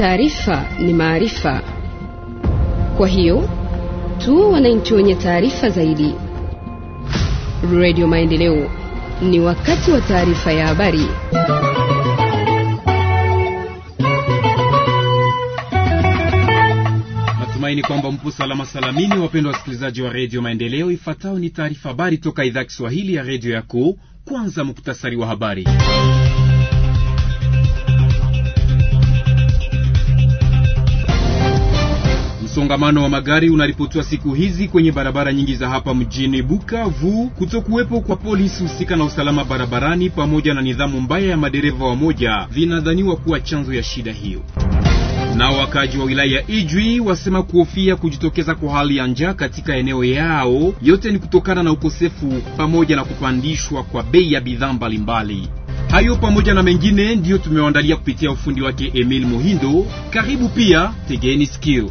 Taarifa ni maarifa, kwa hiyo tu wananchi wenye taarifa zaidi. Radio Maendeleo, ni wakati wa taarifa ya habari. Natumaini kwamba mpo salama salamini, wapendwa wasikilizaji wa Redio Maendeleo. Ifuatayo ni taarifa habari toka idhaa Kiswahili ya redio yako. Kwanza, muktasari wa habari. Msongamano wa magari unaripotiwa siku hizi kwenye barabara nyingi za hapa mjini Bukavu. Kutokuwepo kwa polisi husika na usalama barabarani pamoja na nidhamu mbaya ya madereva wa moja vinadhaniwa kuwa chanzo ya shida hiyo. Nao wakaaji wa wilaya ya Ijwi wasema kuhofia kujitokeza kwa hali ya njaa katika eneo yao. Yote ni kutokana na ukosefu pamoja na kupandishwa kwa bei ya bidhaa mbalimbali. Hayo pamoja na mengine ndiyo tumewaandalia kupitia ufundi wake Emil Muhindo. Karibu pia, tegeni sikio.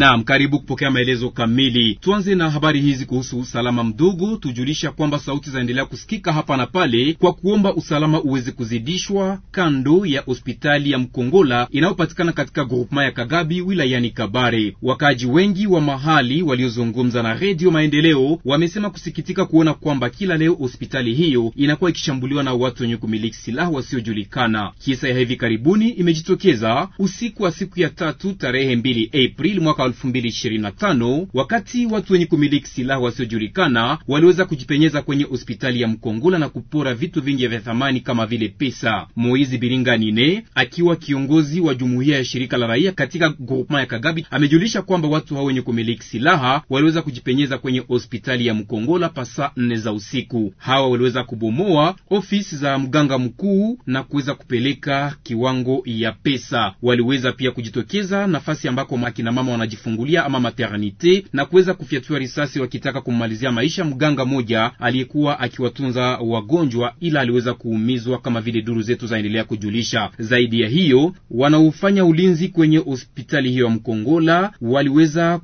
Naam, karibu kupokea maelezo kamili. Tuanze na habari hizi kuhusu usalama mdogo. Tujulisha kwamba sauti zaendelea kusikika hapa na pale kwa kuomba usalama uweze kuzidishwa kando ya hospitali ya Mkongola inayopatikana katika grupema ya Kagabi wilayani Kabare. Wakaaji wengi wa mahali waliozungumza na Redio Maendeleo wamesema kusikitika kuona kwamba kila leo hospitali hiyo inakuwa ikishambuliwa na watu wenye kumiliki silaha wasiojulikana. Kisa ya hivi karibuni imejitokeza usiku wa siku ya tatu tarehe mbili April mwaka 2025 wakati watu wenye kumiliki silaha wasiojulikana waliweza kujipenyeza kwenye hospitali ya Mkongola na kupora vitu vingi vya thamani kama vile pesa. Moizi Biringa Nine akiwa kiongozi wa jumuiya ya shirika la raia katika groupement ya Kagabi amejulisha kwamba watu hao wenye kumiliki silaha waliweza kujipenyeza kwenye hospitali ya Mkongola pasa nne za usiku. Hawa waliweza kubomoa ofisi za mganga mkuu na kuweza kupeleka kiwango ya pesa. Waliweza pia kujitokeza nafasi ambako akina mama wanaji kujifungulia ama maternite na kuweza kufyatua risasi wakitaka kummalizia maisha mganga moja aliyekuwa akiwatunza wagonjwa, ila aliweza kuumizwa kama vile duru zetu zaendelea kujulisha. Zaidi ya hiyo, wanaofanya ulinzi kwenye hospitali hiyo ya Mkongola waliweza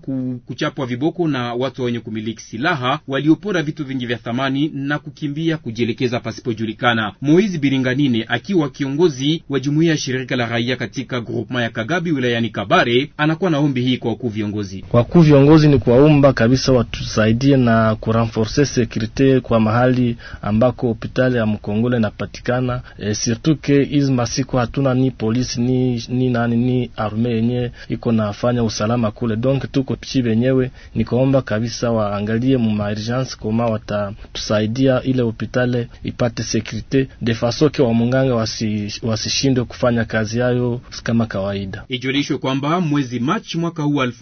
kuchapwa viboko na watu wenye kumiliki silaha waliopora vitu vingi vya thamani na kukimbia kujielekeza pasipojulikana. Moizi Biringanine akiwa kiongozi wa jumuiya ya shirika la raia katika groupement ya Kagabi wilayani Kabare anakuwa na ombi hii kwa wakuu viongozi? Wakuu viongozi ni kuwaumba kabisa watusaidie na kurenforce sekurite kwa mahali ambako hospitali ya Mkongole inapatikana e, surtout ke hizi masiku hatuna ni polisi ni, ni nani ni arme yenye iko nafanya usalama kule, donc tuko pichi benyewe ni kuomba kabisa waangalie mu urgence koma watatusaidia ile hospitali ipate sekurite de faso ke wa munganga wasishindwe wasi kufanya kazi yayo kama kawaida. Ijulishwe kwamba mwezi Machi mwaka huu wa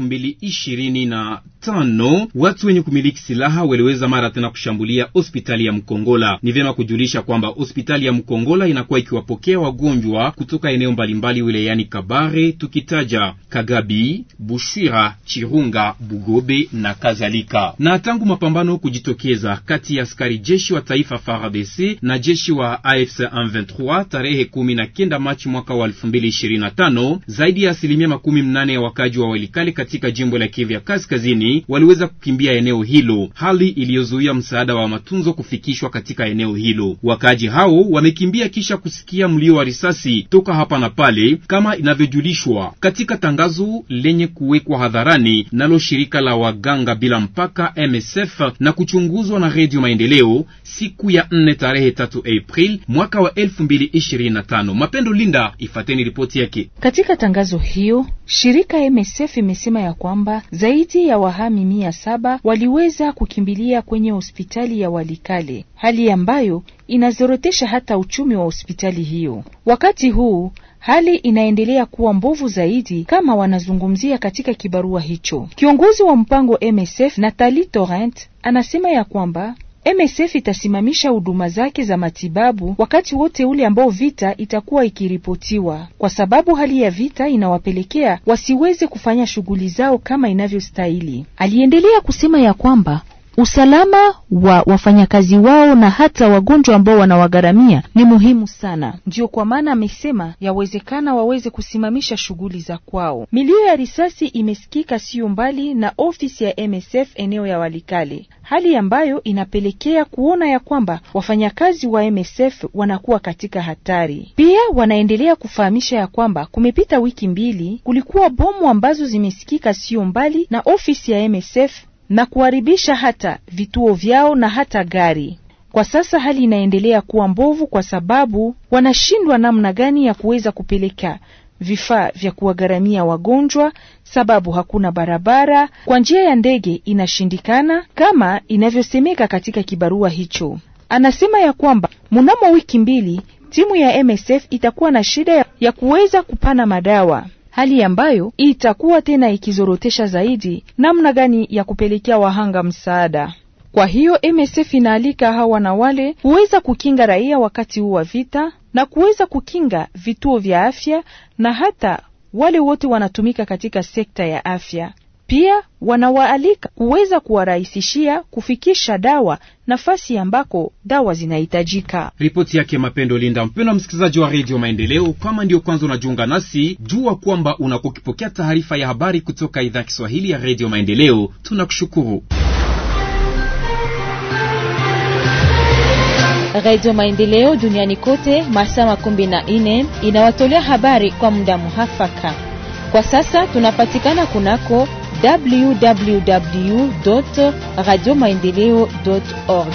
2025 watu wenye kumiliki silaha waliweza mara tena kushambulia hospitali ya Mkongola. Ni vyema kujulisha kwamba hospitali ya Mkongola inakuwa ikiwapokea wagonjwa kutoka eneo mbalimbali wilayani Kabare, tukitaja Kagabi, Bushwira, Chirunga, Bugobe na kadhalika. Na tangu mapambano kujitokeza kati ya askari jeshi wa taifa FARDC na jeshi wa AFC M23 tarehe 19 Machi mwaka wa 2025, zaidi ya asilimia makumi mnane ya wakaji wa Walikale katika jimbo la Kivu ya Kaskazini waliweza kukimbia eneo hilo, hali iliyozuia msaada wa matunzo kufikishwa katika eneo hilo. Wakaaji hao wamekimbia kisha kusikia mlio wa risasi toka hapa na pale, kama inavyojulishwa katika tangazo lenye kuwekwa hadharani nalo shirika la waganga bila mpaka MSF na kuchunguzwa na Redio Maendeleo siku ya 4 tarehe 3 April mwaka wa 2025. Mapendo Linda, ifateni ripoti yake katika tangazo hiyo. Shirika MSF, imes anasema ya kwamba zaidi ya wahami mia saba waliweza kukimbilia kwenye hospitali ya Walikale, hali ambayo inazorotesha hata uchumi wa hospitali hiyo. Wakati huu hali inaendelea kuwa mbovu zaidi, kama wanazungumzia katika kibarua hicho. Kiongozi wa mpango MSF Nathalie Torrent anasema ya kwamba MSF itasimamisha huduma zake za matibabu wakati wote ule ambao vita itakuwa ikiripotiwa, kwa sababu hali ya vita inawapelekea wasiweze kufanya shughuli zao kama inavyostahili. Aliendelea kusema ya kwamba usalama wa wafanyakazi wao na hata wagonjwa ambao wanawagharamia ni muhimu sana. Ndio kwa maana amesema yawezekana waweze kusimamisha shughuli za kwao. Milio ya risasi imesikika siyo mbali na ofisi ya MSF eneo ya Walikale, hali ambayo inapelekea kuona ya kwamba wafanyakazi wa MSF wanakuwa katika hatari. Pia wanaendelea kufahamisha ya kwamba kumepita wiki mbili kulikuwa bomu ambazo zimesikika siyo mbali na ofisi ya MSF na kuharibisha hata vituo vyao na hata gari. Kwa sasa hali inaendelea kuwa mbovu, kwa sababu wanashindwa namna gani ya kuweza kupeleka vifaa vya kuwagharamia wagonjwa, sababu hakuna barabara. Kwa njia ya ndege inashindikana, kama inavyosemeka katika kibarua hicho. Anasema ya kwamba mnamo wiki mbili timu ya MSF itakuwa na shida ya kuweza kupana madawa hali ambayo itakuwa tena ikizorotesha zaidi namna gani ya kupelekea wahanga msaada. Kwa hiyo MSF inaalika hawa na wale kuweza kukinga raia wakati huu wa vita na kuweza kukinga vituo vya afya na hata wale wote wanatumika katika sekta ya afya. Pia wanawaalika kuweza kuwarahisishia kufikisha dawa nafasi ambako dawa zinahitajika. Ripoti yake Mapendo Linda. Mpendo wa msikilizaji wa Redio Maendeleo, kama ndiyo kwanza unajiunga nasi, jua kwamba unakokipokea taarifa ya habari kutoka idhaa ya Kiswahili ya Redio Maendeleo. Tunakushukuru. Redio Maendeleo duniani kote masaa makumi na nne inawatolea habari kwa muda muhafaka. Kwa sasa tunapatikana kunako www.radiomaendeleo.org.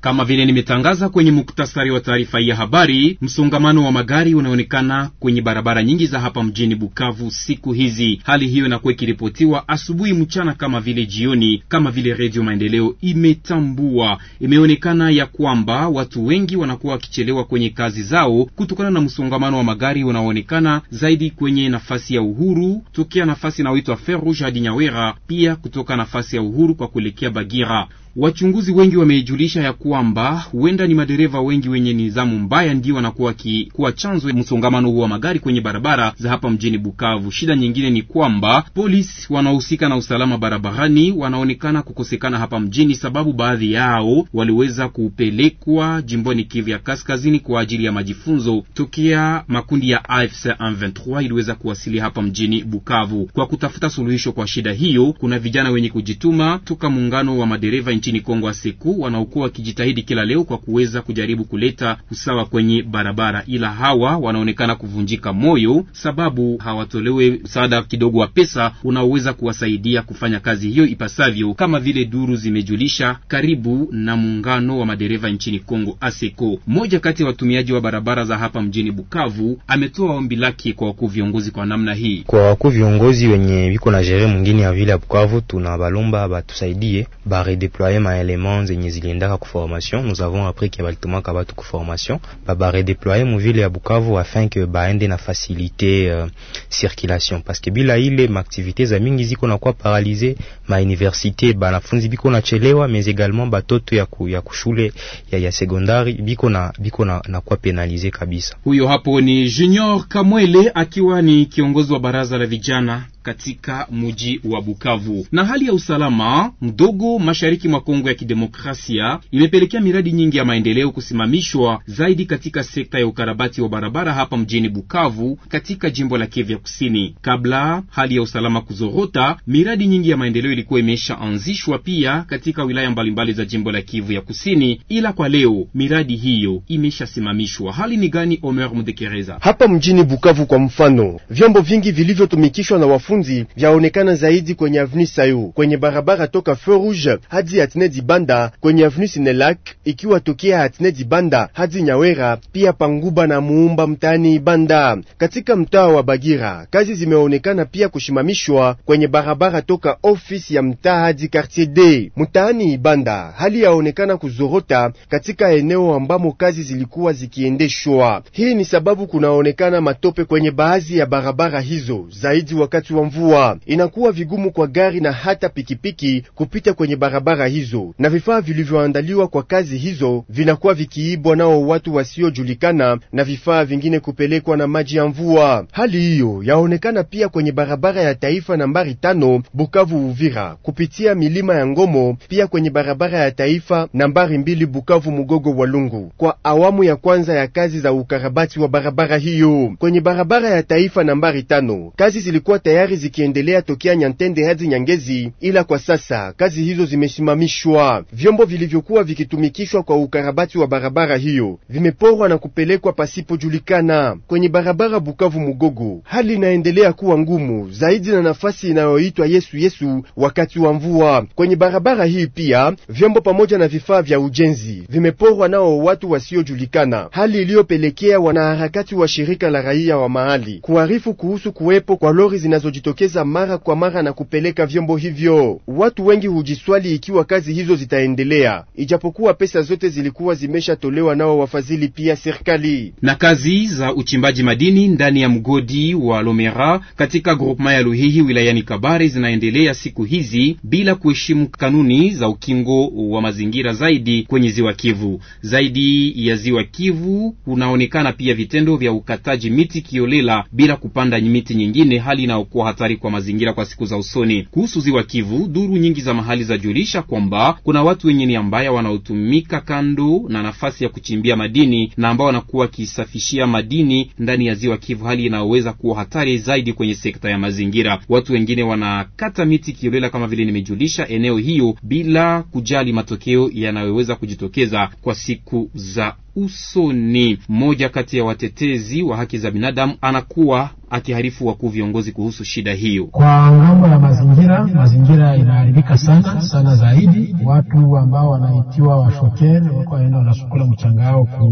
Kama vile nimetangaza kwenye muktasari wa taarifa ya habari, msongamano wa magari unaonekana kwenye barabara nyingi za hapa mjini Bukavu siku hizi. Hali hiyo inakuwa ikiripotiwa asubuhi, mchana kama vile jioni, kama vile Redio Maendeleo imetambua. Imeonekana ya kwamba watu wengi wanakuwa wakichelewa kwenye kazi zao kutokana na msongamano wa magari unaoonekana zaidi kwenye nafasi ya Uhuru tokea nafasi inayoitwa Feruge hadi Nyawera, pia kutoka nafasi ya Uhuru kwa kuelekea Bagira. Wachunguzi wengi wameijulisha ya kwamba huenda ni madereva wengi wenye nidhamu mbaya ndio wanakuwa kuwa chanzo msongamano huo wa magari kwenye barabara za hapa mjini Bukavu. Shida nyingine ni kwamba polisi wanaohusika na usalama barabarani wanaonekana kukosekana hapa mjini, sababu baadhi yao waliweza kupelekwa jimboni Kivu ya Kaskazini kwa ajili ya majifunzo tokea makundi ya AFC M23 iliweza kuwasili hapa mjini Bukavu. Kwa kutafuta suluhisho kwa shida hiyo, kuna vijana wenye kujituma toka muungano wa madereva nchi nchini Kongo wa wanaokuwa wakijitahidi kila leo kwa kuweza kujaribu kuleta usawa kwenye barabara, ila hawa wanaonekana kuvunjika moyo sababu hawatolewe msaada kidogo wa pesa unaoweza kuwasaidia kufanya kazi hiyo ipasavyo, kama vile duru zimejulisha karibu na muungano wa madereva nchini Kongo Aseko. Mmoja kati ya watumiaji wa barabara za hapa mjini Bukavu ametoa ombi lake kwa wakuu viongozi kwa namna hii. Kwa wakuu viongozi wenye viko na jere mwingine ya vile ya Bukavu, tuna balomba batusaidie baredeploye même à element zenye ziliendaka kuformation nous avons appris ke balitumaka batu kuformation babaredeploye muvile ya bukavu afin ke baende euh, na facilité uh, circulation que bila ile maaktivite za mingi ziko nakuwa paralize mauniversite banafunzi biko nachelewa mais également batoto ya, ku, ya kushule ya, ya sekondari biko na biko na, nakuwa penalize kabisa. Huyo hapo ni Junior Kamwele akiwa ni kiongozi wa baraza la vijana katika muji wa Bukavu. Na hali ya usalama mdogo mashariki mwa Kongo ya Kidemokrasia imepelekea miradi nyingi ya maendeleo kusimamishwa zaidi katika sekta ya ukarabati wa barabara hapa mjini Bukavu katika jimbo la Kivu ya Kusini. Kabla hali ya usalama kuzorota, miradi nyingi ya maendeleo ilikuwa imeshaanzishwa pia katika wilaya mbalimbali za jimbo la Kivu ya Kusini, ila kwa leo miradi hiyo imeshasimamishwa. Hali ni gani, Omer Mdekereza? Hapa mjini Bukavu kwa mfano, vyombo vingi vilivyotumikishwa na wafundi wanafunzi vyaonekana zaidi kwenye avni Sayu, kwenye barabara toka Feu Rouge hadi Atne Dibanda, kwenye avni Sinelac ikiwa tokea Atne Dibanda hadi Nyawera, pia Panguba na Muumba mtaani Ibanda. Katika mtaa wa Bagira kazi zimeonekana pia kushimamishwa kwenye barabara toka ofisi ya mtaa hadi Quartier D mtaani Ibanda. Hali yaonekana kuzorota katika eneo ambamo kazi zilikuwa zikiendeshwa. Hii ni sababu kunaonekana matope kwenye baadhi ya barabara hizo zaidi wakati wa mvua, inakuwa vigumu kwa gari na hata pikipiki kupita kwenye barabara hizo, na vifaa vilivyoandaliwa kwa kazi hizo vinakuwa vikiibwa nao watu wasiojulikana, na vifaa vingine kupelekwa na maji ya mvua. Hali hiyo yaonekana pia kwenye barabara ya taifa nambari tano Bukavu Uvira kupitia milima ya Ngomo, pia kwenye barabara ya taifa nambari mbili Bukavu Mugogo Walungu, kwa awamu ya kwanza ya kazi za ukarabati wa barabara hiyo. Kwenye barabara ya taifa nambari tano kazi zilikuwa tayari safari zikiendelea tokea Nyantende hadi Nyangezi, ila kwa sasa kazi hizo zimesimamishwa. Vyombo vilivyokuwa vikitumikishwa kwa ukarabati wa barabara hiyo vimeporwa na kupelekwa pasipojulikana. Kwenye barabara Bukavu Mugogo, hali inaendelea kuwa ngumu zaidi na nafasi inayoitwa Yesu Yesu wakati wa mvua. Kwenye barabara hii pia vyombo pamoja na vifaa vya ujenzi vimeporwa nao watu wasiojulikana, hali iliyopelekea wanaharakati wa shirika la raia wa mahali kuharifu kuhusu kuwepo kwa lori zinazo hujitokeza mara kwa mara na kupeleka vyombo hivyo. Watu wengi hujiswali ikiwa kazi hizo zitaendelea, ijapokuwa pesa zote zilikuwa zimeshatolewa nao wafadhili pia serikali. Na kazi za uchimbaji madini ndani ya mgodi wa Lomera katika groupema ya Luhihi wilayani Kabare zinaendelea siku hizi bila kuheshimu kanuni za ukingo wa mazingira zaidi kwenye ziwa Kivu. Zaidi ya ziwa Kivu kunaonekana pia vitendo vya ukataji miti kiolela bila kupanda miti nyingine, hali inayokuwa hatari kwa mazingira kwa siku za usoni. Kuhusu ziwa Kivu, duru nyingi za mahali zajulisha kwamba kuna watu wenye nia mbaya wanaotumika kando na nafasi ya kuchimbia madini na ambao wanakuwa wakisafishia madini ndani ya ziwa Kivu, hali inayoweza kuwa hatari zaidi kwenye sekta ya mazingira. Watu wengine wanakata miti kiolela, kama vile nimejulisha eneo hiyo, bila kujali matokeo yanayoweza kujitokeza kwa siku za usoni. Mmoja kati ya watetezi wa haki za binadamu anakuwa akiharifu wakuu viongozi kuhusu shida hiyo. Kwa ngambo ya mazingira, mazingira inaharibika sana sana zaidi. Watu ambao wanaitiwa washokere wako waenda wanasukula mchanga yao ku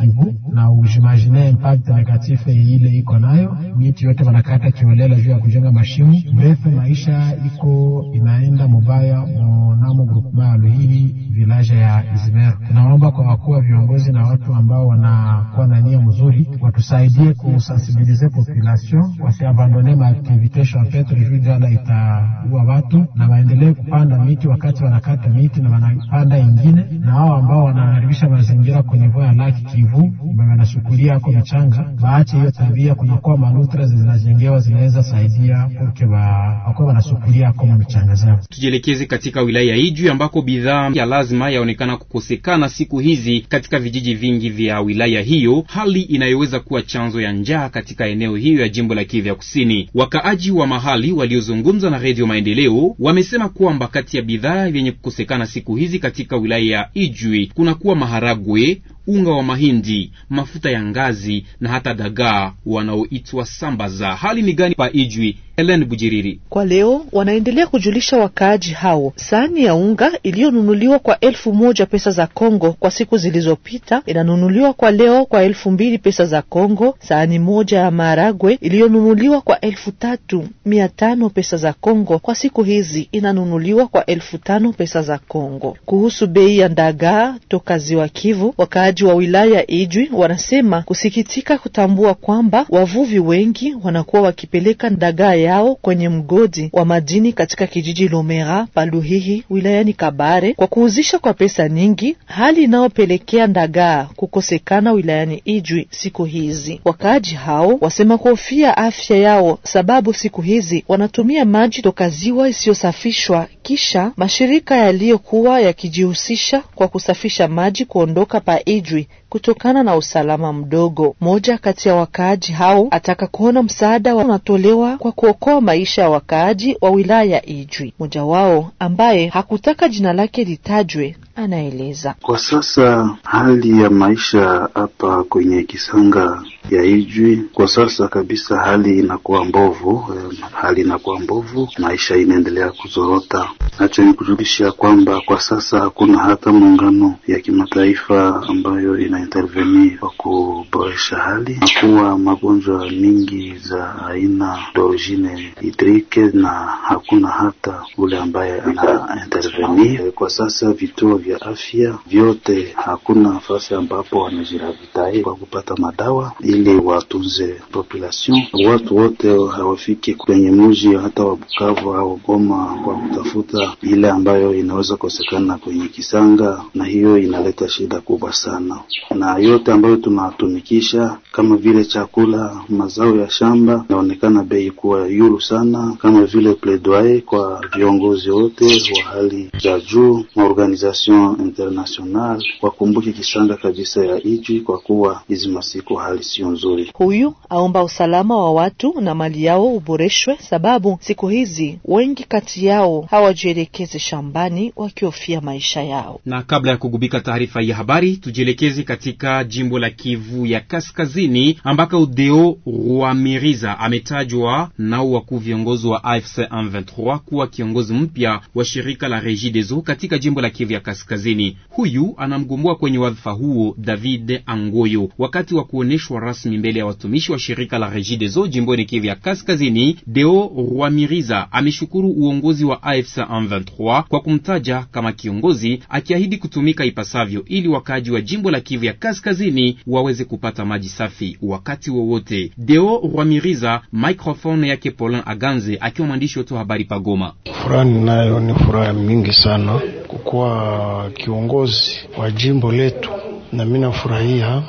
Kivu na ujimagine impact negatif ile iko nayo, miti yote wanakata kiolela juu ya kujenga mashimu mrefu. Maisha iko inaenda mubaya monamo grupema ya Luhili vilaja ya Izmer. Tunaomba kwa wakuu wa viongozi na watu ambao wanakuwa na nia mzuri watusaidie kusensibilize population, wasiabandone maaktivite champetre juu jala itaua watu, na waendelee kupanda miti wakati wanakata miti na wanapanda ingine, na hao ambao wanaharibisha mazingira kwenye ya laki Kivu wanashukulia ako michanga, baache hiyo tabia. Kunakuwa manutra zinajengewa zinaweza saidia purke wakuwa wanashukulia ako michanga zao. Tujielekeze katika wilaya ya Ijwi ambako bidhaa ya lazima yaonekana kukosekana siku hizi katika vijiji vijiji vingi vya wilaya hiyo, hali inayoweza kuwa chanzo ya njaa katika eneo hiyo ya jimbo la Kivu ya Kusini. Wakaaji wa mahali waliozungumza na Redio Maendeleo wamesema kwamba kati ya bidhaa vyenye kukosekana siku hizi katika wilaya ya Ijwi kunakuwa maharagwe unga wa mahindi, mafuta ya ngazi na hata dagaa wanaoitwa sambaza. Hali ni gani pa Ijwi? Helen Bujiriri. Kwa leo wanaendelea kujulisha wakaaji hao. Sahani ya unga iliyonunuliwa kwa elfu moja pesa za Kongo kwa siku zilizopita inanunuliwa kwa leo kwa elfu mbili pesa za Kongo. Sahani moja ya maharagwe iliyonunuliwa kwa elfu tatu mia tano pesa za Kongo kwa siku hizi inanunuliwa kwa elfu tano pesa za Kongo. Kuhusu bei ya dagaa toka ziwa Kivu, wakaaji Wakaaji wa wilaya Ijwi wanasema kusikitika kutambua kwamba wavuvi wengi wanakuwa wakipeleka dagaa yao kwenye mgodi wa madini katika kijiji Lomera Paluhihi wilayani Kabare kwa kuuzisha kwa pesa nyingi, hali inayopelekea dagaa kukosekana wilayani Ijwi siku hizi. Wakaaji hao wasema kuhofia afya yao, sababu siku hizi wanatumia maji toka ziwa isiyosafishwa kisha mashirika yaliyokuwa yakijihusisha kwa kusafisha maji kuondoka pa Ijwi kutokana na usalama mdogo. Mmoja kati ya wakaaji hao ataka kuona msaada unatolewa kwa kuokoa maisha ya wakaaji wa wilaya ya ijwi Mmoja wao ambaye hakutaka jina lake litajwe anaeleza. Kwa sasa hali ya maisha hapa kwenye Kisanga ya Ijwi kwa sasa kabisa, hali inakuwa mbovu, eh, hali inakuwa mbovu, maisha inaendelea kuzorota. Nacho ni kujulisha kwamba kwa sasa hakuna hata muungano ya kimataifa ambayo inainterveni kwa kuboresha hali, na kuwa magonjwa mingi za aina dorigine hidrike, na hakuna hata ule ambaye anainterveni kwa sasa. Vituo vya afya vyote, hakuna nafasi ambapo wanajiravitahi kwa kupata madawa ili watunze population. Watu wote hawafiki kwenye mji hata wa Bukavu au Goma kwa kutafuta ile ambayo inaweza kosekana kwenye Kisanga, na hiyo inaleta shida kubwa sana, na yote ambayo tunatumikisha kama vile chakula, mazao ya shamba, inaonekana bei kuwa yulu sana, kama vile pledoyer kwa viongozi wote wa hali za juu na organization Commission International wakumbuke kisanga kabisa ya iji kwa kuwa hizi masiku hali sio nzuri. Huyu aomba usalama wa watu na mali yao uboreshwe, sababu siku hizi wengi kati yao hawajielekeze shambani wakihofia maisha yao. Na kabla ya kugubika taarifa ya habari, tujielekeze katika jimbo la Kivu ya Kaskazini ambako Udeo Rwamiriza ametajwa nao wakuu viongozi wa AFC M23 kuwa kiongozi mpya wa shirika la Regideso katika jimbo la Kivu ya Kaskazini. Kaskazini. Huyu anamgomboa kwenye wadhifa huo David Angoyo. Wakati wa kuonyeshwa rasmi mbele ya watumishi wa shirika la Regideso jimboni Kivu ya Kaskazini, Deo Rwamiriza ameshukuru uongozi wa AFC M23 kwa kumtaja kama kiongozi, akiahidi kutumika ipasavyo ili wakaaji wa jimbo la Kivu ya Kaskazini waweze kupata maji safi wakati wowote. Deo Rwamiriza, microphone yake Polin Aganze, akiwa mwandishi wetu habari Pagoma. Furaha ninayo ni furaha mingi sana kukuwa kiongozi wa jimbo letu, na mimi nafurahia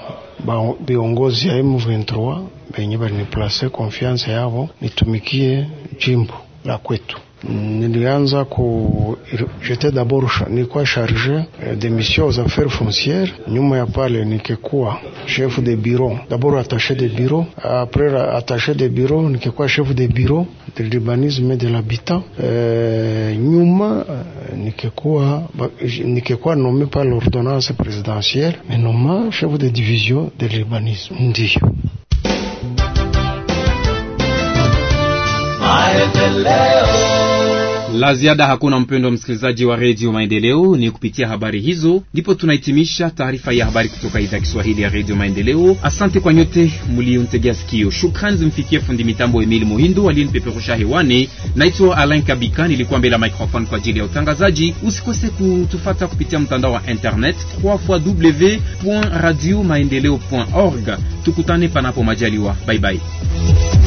viongozi ya M23 benye baniplase yavo nitumikie jimbo la kwetu. J'étais ku jete dabord chargé euh, des de mission aux affaires foncières. Nyuma ya pale nikikuwa chef de bureau dabord attaché de bureau, après attaché de bureau nikikuwa chef de bureau de l'urbanisme et de l'habitat. Euh, nyuma euh, nikikuwa bah, nikikuwa nommé par l'ordonnance présidentielle mais nommé chef de division de l'urbanisme La ziada hakuna, mpendo wa msikilizaji wa redio Maendeleo. Ni kupitia habari hizo ndipo tunahitimisha taarifa ya habari kutoka idhaa Kiswahili ya redio Maendeleo. Asante kwa nyote mliontegea sikio. Shukrani zimfikie fundi mitambo Emil Muhindu aliyenipeperusha hewani. Naitwa Alain Kabika, nilikuwa mbele ya microphone kwa ajili ya utangazaji. Usikose kutufata kupitia mtandao wa internet org Tukutane panapo majaliwa, bye bye.